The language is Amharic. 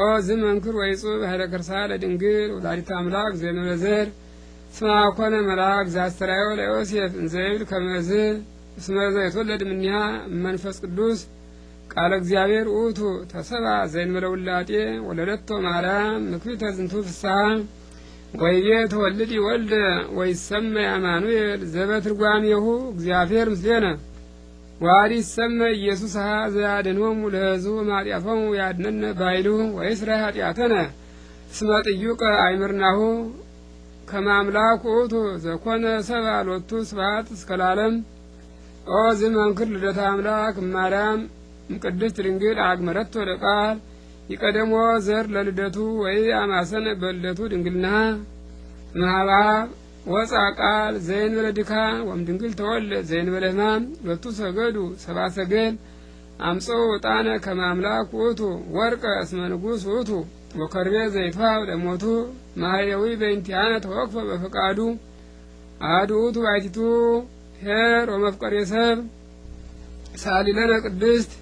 ኦ ዝመንክር ወይጹብ ሀይለ ክርሳ ለድንግል ወላዲተ አምላክ ዘመዘር ስማ ኮነ መልአክ ዘአስተራዮ ለዮሴፍ እንዘይብል ከመዝ ስመዘ የተወለድ ምንያ መንፈስ ቅዱስ ቃለ እግዚአብሔር ውእቱ ተሰባ ዘእንበለ ውላጤ ወለደቶ ማርያም ምክቢተ ዝንቱ ፍስሐ ወይቤ ተወልድ ወልደ ወይሰመ አማኑኤል ዘበትርጓሜሁ እግዚአብሔር ምስሌነ ዋሪ ሰመ ኢየሱስ ሀ ዘያድኅኖሙ ለሕዝቡ እማጢአቶሙ ያድነነ ባይሉ ወይስራ ኃጢአተነ እስመ ጥዩቀ አይምርናሁ ከማምላኩ ውእቱ ዘኮነ ሰብአ ሎቱ ስብሐት እስከ ለዓለም ኦ ዘእምንክር ልደታ አምላክ እማርያም እምቅድስት ድንግል አግመረቶ ለቃል ይቀደሞ ዘር ለልደቱ ወይ አማሰነ በልደቱ ድንግልና እምኀበ ወፃ ቃል ዘእንበለ ድካም ወእምድንግል ዘይን ዘእንበለ ሕማም ሁለቱ ሰገዱ ሰባ ሰገል አምጾ ዕጣነ ከማምላክ አምላክ ወርቀ እስመ ንጉሥ ውእቱ ወከርቤ ዘይትዋብ ለሞቱ ማህየዊ በእንቲያነ ተወክፈ በፈቃዱ አሐዱ ውእቱ ባሕቲቱ ኄር ወመፍቀሬ ሰብ ቅድስት